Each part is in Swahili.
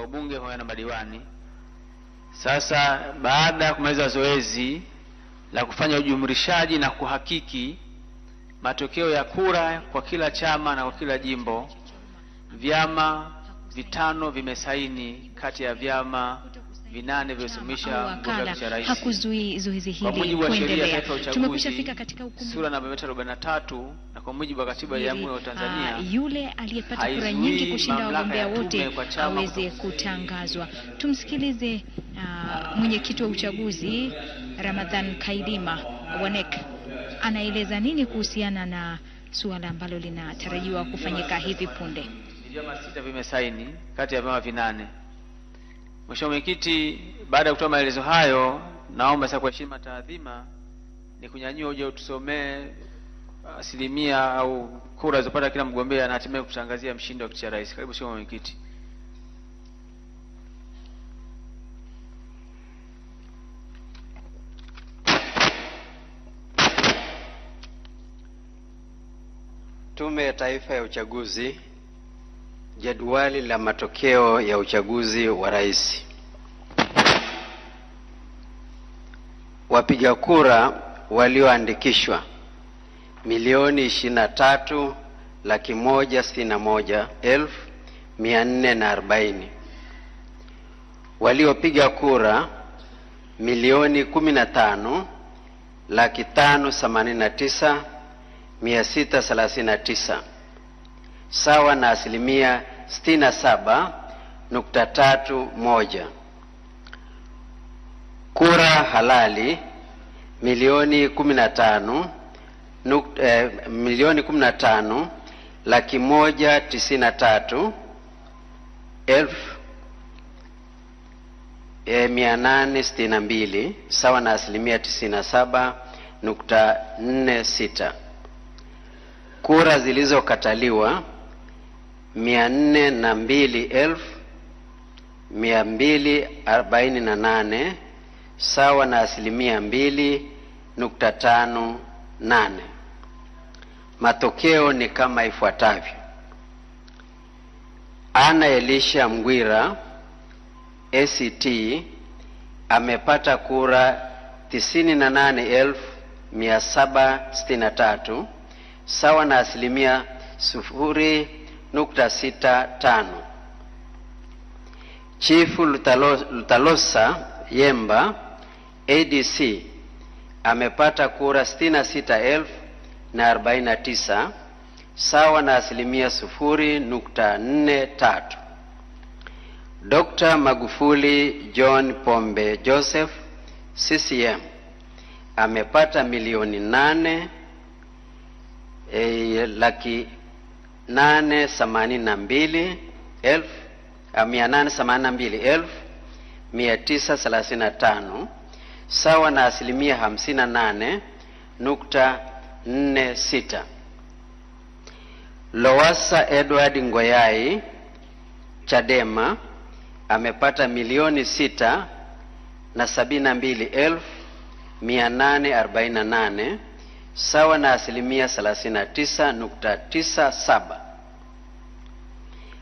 kwa ubunge pamoja na madiwani. Sasa baada ya kumaliza zoezi la kufanya ujumrishaji na kuhakiki matokeo ya kura kwa kila chama na kwa kila jimbo, vyama vitano vimesaini kati ya vyama vinane vyosimamisha mgombea kiti cha rais hakuzuii zoezi hili kuendelea. Tumekwisha fika katika ukumbi sura namba 343 na kwa mujibu wa katiba ya Jamhuri ya Tanzania, ah, yule aliyepata kura nyingi kushinda wagombea wote aweze kutangazwa. Tumsikilize ah, mwenyekiti wa uchaguzi Ramadhan Kailima wanek anaeleza nini kuhusiana na suala ambalo linatarajiwa kufanyika hivi punde. Vyama sita vimesaini kati ya vyama vinane Mheshimiwa Mwenyekiti, baada ya kutoa maelezo hayo, naomba sasa kwa heshima taadhima ni kunyanyua uje utusomee asilimia au kura lizopata kila mgombea na hatimaye kutangazia mshindi wa kiti cha rais. Karibu Mheshimiwa Mwenyekiti. Tume ya Taifa ya Uchaguzi Jadwali la matokeo ya uchaguzi wa rais. Wapiga kura walioandikishwa milioni ishirini na tatu laki moja sitini na moja elfu mia nne na arobaini. Waliopiga kura milioni kumi na tano laki tano themanini na tisa mia sita thelathini na tisa sawa na asilimia 67.31 kura halali milioni 15 eh, milioni 15 laki moja tisini elfu e, mia nane sitini na mbili sawa na asilimia tisini na saba nukta nne sita. Kura zilizokataliwa mia nne na mbili elfu mia mbili arobaini na nane sawa na asilimia mbili nukta tano nane. Matokeo ni kama ifuatavyo: Ana Elisha Mgwira ACT amepata kura 98763 sawa na asilimia sufuri nukta sita tano. Chifu Lutalosa Yemba ADC amepata kura na 49 sawa na asilimia sufuri nukta nne tatu. Dr. Magufuli John Pombe Joseph CCM amepata milioni nane e, laki nane themanini na mbili elfu ah, mia nane themanini na mbili elfu mia tisa thelathini na tano sawa na asilimia hamsini na nane nukta nne sita. Edward Ngoyai Chadema amepata milioni sita na sabini na mbili elfu mia nane arobaini na nane sawa na asilimia thelathini na tisa nukta tisa saba.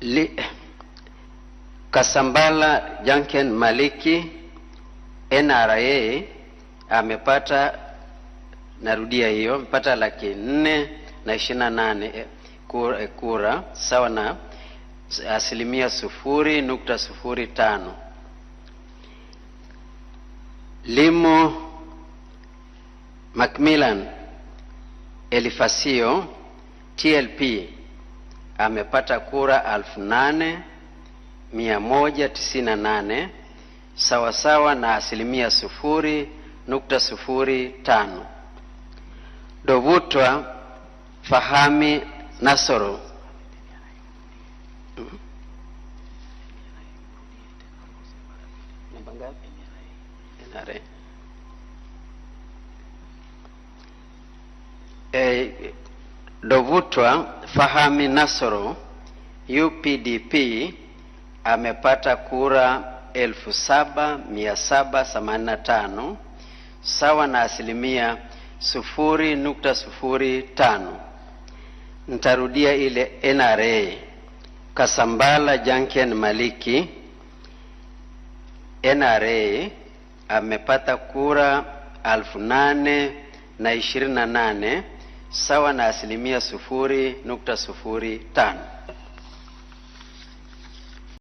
Li, Kasambala Janken Maliki NRA amepata, narudia hiyo, amepata laki nne na ishirini na nane eh, kura, eh, kura sawa na asilimia sufuri nukta sufuri tano. Limo Macmillan Elifasio TLP amepata kura elfu nane mia moja tisini na nane sawasawa na asilimia sufuri nukta sufuri tano. Dovutwa Fahami Nasoro Dovutwa e, Dovutwa fahami Nasoro UPDP amepata kura 7785 sawa na asilimia 0.05. Ntarudia ile NRA. Kasambala Janken Maliki NRA amepata kura 8028 sawa na asilimia sufuri nukta sufuri tano.